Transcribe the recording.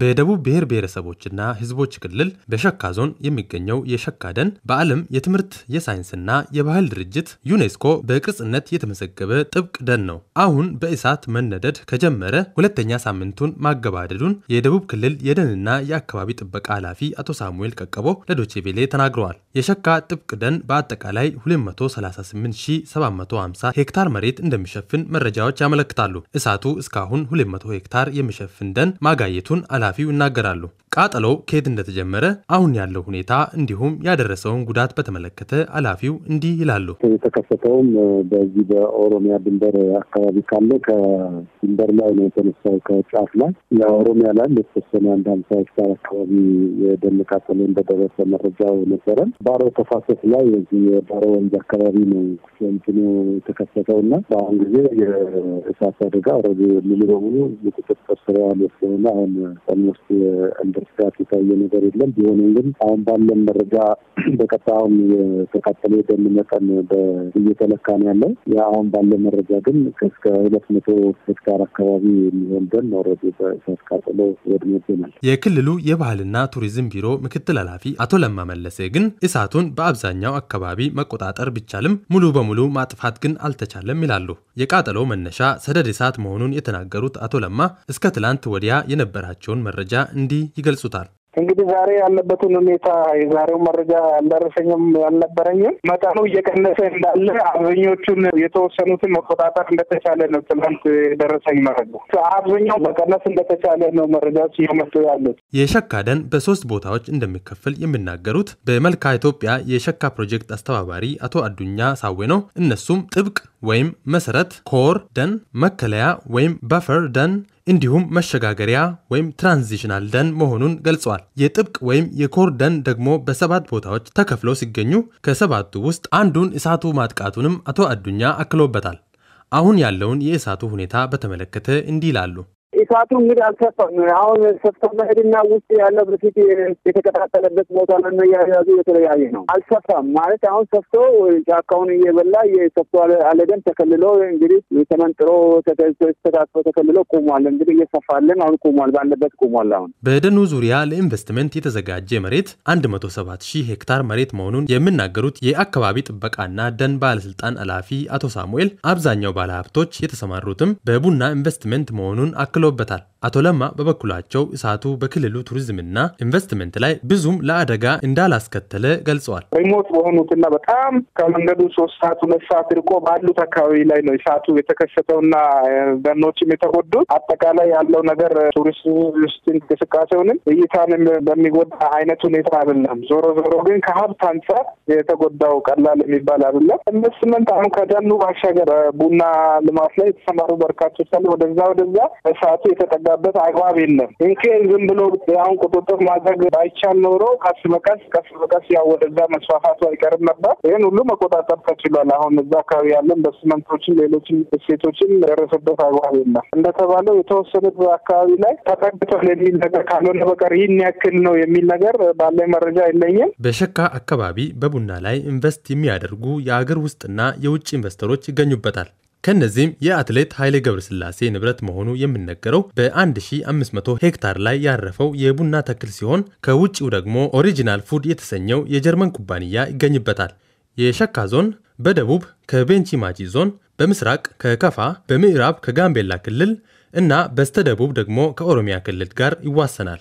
በደቡብ ብሔር ብሔረሰቦችና ህዝቦች ክልል በሸካ ዞን የሚገኘው የሸካ ደን በዓለም የትምህርት የሳይንስና የባህል ድርጅት ዩኔስኮ በቅርጽነት የተመዘገበ ጥብቅ ደን ነው። አሁን በእሳት መነደድ ከጀመረ ሁለተኛ ሳምንቱን ማገባደዱን የደቡብ ክልል የደንና የአካባቢ ጥበቃ ኃላፊ አቶ ሳሙኤል ቀቀቦ ለዶቼቬሌ ተናግረዋል። የሸካ ጥብቅ ደን በአጠቃላይ 238750 ሄክታር መሬት እንደሚሸፍን መረጃዎች ያመለክታሉ። እሳቱ እስካሁን 200 ሄክታር የሚሸፍን ደን ማጋየቱን ኃላፊው ይናገራሉ ቃጠሎው ከየት እንደተጀመረ፣ አሁን ያለው ሁኔታ እንዲሁም ያደረሰውን ጉዳት በተመለከተ ኃላፊው እንዲህ ይላሉ። የተከሰተውም በዚህ በኦሮሚያ ድንበር አካባቢ ካለ ከድንበር ላይ ነው የተነሳው። ከጫፍ ላይ የኦሮሚያ ላይ የተወሰነ አንድ ሀምሳ ጋር አካባቢ የደን ቃጠሎ እንደደረሰ መረጃው ነበረን። ባሮ ተፋሰስ ላይ የዚህ የባሮ ወንዝ አካባቢ ነው እንትኑ የተከሰተው እና በአሁን ጊዜ የእሳት አደጋ ረ ሙሉ በሙሉ ቁጥጥር ስር የዋለ ስለሆነ አሁን ኦልሞስት እንደ በስፋት የታየ ነገር የለም። ቢሆንም ግን አሁን ባለን መረጃ በቀጣዩም የተቃጠለ የደን መጠን እየተለካ ነው ያለው። አሁን ባለ መረጃ ግን እስከ ሁለት መቶ ሄክታር አካባቢ የሚሆን ደን ኦልሬዲ በእሳት ቃጠሎ ወድሞ የክልሉ የባህልና ቱሪዝም ቢሮ ምክትል ኃላፊ አቶ ለማ መለሴ ግን እሳቱን በአብዛኛው አካባቢ መቆጣጠር ቢቻልም ሙሉ በሙሉ ማጥፋት ግን አልተቻለም ይላሉ። የቃጠሎ መነሻ ሰደድ እሳት መሆኑን የተናገሩት አቶ ለማ እስከ ትላንት ወዲያ የነበራቸውን መረጃ እንዲህ ይገልጹታል። እንግዲህ ዛሬ ያለበትን ሁኔታ የዛሬው መረጃ ያልደረሰኝም ያልነበረኝም መጠኑ እየቀነሰ እንዳለ አብዛኞቹን የተወሰኑትን መቆጣጠር እንደተቻለ ነው ትናንት የደረሰኝ መረጃ። አብዛኛው መቀነስ እንደተቻለ ነው መረጃዎች እየመጡ ያሉት። የሸካ ደን በሶስት ቦታዎች እንደሚከፈል የሚናገሩት በመልካ ኢትዮጵያ የሸካ ፕሮጀክት አስተባባሪ አቶ አዱኛ ሳዌ ነው። እነሱም ጥብቅ ወይም መሰረት፣ ኮር ደን፣ መከለያ ወይም በፈር ደን እንዲሁም መሸጋገሪያ ወይም ትራንዚሽናል ደን መሆኑን ገልጿል። የጥብቅ ወይም የኮር ደን ደግሞ በሰባት ቦታዎች ተከፍለው ሲገኙ ከሰባቱ ውስጥ አንዱን እሳቱ ማጥቃቱንም አቶ አዱኛ አክለውበታል። አሁን ያለውን የእሳቱ ሁኔታ በተመለከተ እንዲህ ይላሉ። እሳቱ እንግዲህ አልሰፋም። አሁን ሰፍተው መሄድና ውስጥ ያለው በፊት የተቀጣጠለበት ቦታ እያያዙ የተለያየ ነው። አልሰፋም ማለት አሁን ሰፍቶ ጫካውን እየበላ የሰፍቶ አለደም ተከልሎ እንግዲህ ተመንጥሮ ተተካክፎ ተከልሎ ቁሟል። እንግዲህ እየሰፋለን አሁን ቁሟል፣ ባለበት ቁሟል። አሁን በደኑ ዙሪያ ለኢንቨስትመንት የተዘጋጀ መሬት ሰባት ሺህ ሄክታር መሬት መሆኑን የሚናገሩት የአካባቢ ጥበቃና ደን ባለስልጣን ኃላፊ አቶ ሳሙኤል አብዛኛው ባለሀብቶች የተሰማሩትም በቡና ኢንቨስትመንት መሆኑን አክሎ አክለውበታል። አቶ ለማ በበኩላቸው እሳቱ በክልሉ ቱሪዝምና ኢንቨስትመንት ላይ ብዙም ለአደጋ እንዳላስከተለ ገልጸዋል። ሪሞት በሆኑትና በጣም ከመንገዱ ሶስት ሰዓት ሁለት ሰዓት ርቆ ባሉት አካባቢ ላይ ነው እሳቱ የተከሰተውና ደኖችም የተጎዱት። አጠቃላይ ያለው ነገር ቱሪስት እንቅስቃሴውንም እይታንም በሚጎዳ አይነት ሁኔታ አይደለም። ዞሮ ዞሮ ግን ከሀብት አንጻር የተጎዳው ቀላል የሚባል አይደለም። ኢንቨስትመንት አሁን ከደኑ ባሻገር ቡና ልማት ላይ የተሰማሩ በርካቶች አሉ። ወደዛ ወደዛ ሰዓቱ የተጠጋበት አግባብ የለም። ኢንኬዝ ዝም ብሎ አሁን ቁጥጥር ማድረግ ባይቻል ኖሮ ቀስ በቀስ ቀስ በቀስ ያው ወደዛ መስፋፋቱ አይቀርም ነበር። ይህን ሁሉ መቆጣጠር ተችሏል። አሁን እዛ አካባቢ ያለ ኢንቨስትመንቶችን፣ ሌሎችን እሴቶችን ደረሰበት አግባብ የለም። እንደተባለው የተወሰኑት አካባቢ ላይ ተጠግቷል የሚል ነገር ካልሆነ በቀር ይህን ያክል ነው የሚል ነገር ባለ መረጃ የለኝም። በሸካ አካባቢ በቡና ላይ ኢንቨስት የሚያደርጉ የአገር ውስጥና የውጭ ኢንቨስተሮች ይገኙበታል። ከነዚህም የአትሌት ኃይሌ ገብረስላሴ ንብረት መሆኑ የሚነገረው በ1500 ሄክታር ላይ ያረፈው የቡና ተክል ሲሆን ከውጭው ደግሞ ኦሪጂናል ፉድ የተሰኘው የጀርመን ኩባንያ ይገኝበታል። የሸካ ዞን በደቡብ ከቤንች ማጂ ዞን፣ በምስራቅ ከከፋ፣ በምዕራብ ከጋምቤላ ክልል እና በስተደቡብ ደግሞ ከኦሮሚያ ክልል ጋር ይዋሰናል።